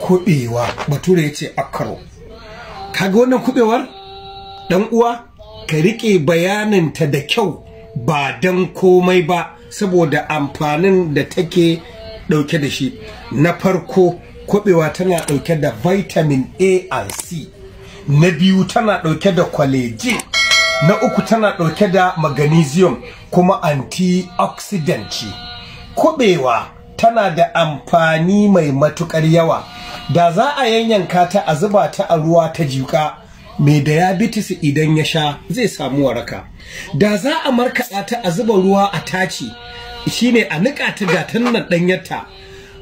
kubewa bature ya ce akaro kaga wannan kubewar dan uwa ka rike ta da kyau ba dan komai ba saboda amfanin da take dauke da shi na farko kubewa tana dauke da vitamin A and C na biyu tana dauke da collagen na uku tana dauke da magnesium kuma antioxidant ce kubewa tana da amfani mai matukar yawa da za a yanyanka ta a zuba ta a ruwa ta jiƙa mai diabetes idan ya sha zai samu waraka da za a markaɗa ta a zuba ruwa a taci shine a niƙa ta datan nan ɗanyarta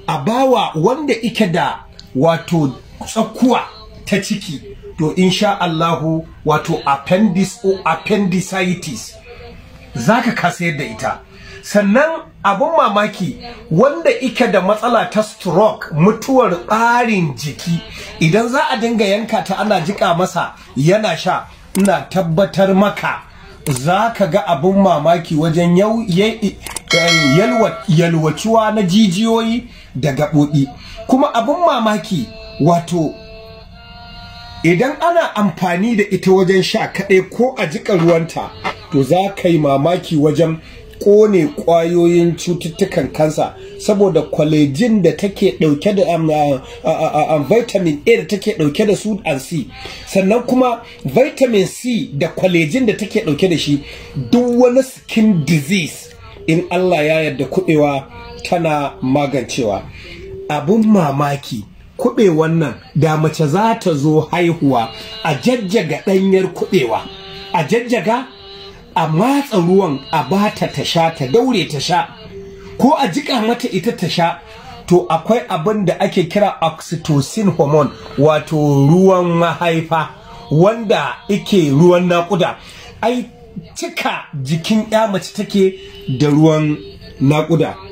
a bawa wanda ike da wato tsakkuwa ta ciki to insha Allahu wato o appendicitis zaka kasayar da ita sannan abun mamaki wanda ike da matsala ta stroke mutuwar ɓarin jiki idan za a dinga yanka ta ana jika masa yana sha ina tabbatar maka za ka ga abun mamaki wajen eh, yalwaciwa na jijiyoyi da gaɓoɓi kuma abun mamaki wato idan ana amfani da ita wajen sha kaɗai ko a jika ruwanta to za ka yi mamaki wajen kone kwayoyin cututtukan kansa saboda kwalejin da take dauke da um, uh, uh, uh, um, vitamin A da take dauke da su and C sannan kuma vitamin C da kwalejin da take dauke da shi duk wani skin disease in Allah ya yarda kubewa tana magancewa abun mamaki kube wannan da mace za ta zo haihuwa a jajjaga ɗanyar kubewa a jajjaga a matsa ruwan a bata ta sha ta daure ta sha ko a jika mata ita ta sha to akwai abin da ake kira oxytocin hormone wato ruwan mahaifa wanda ike ruwan nakuda ai cika jikin ya mace take da ruwan nakuda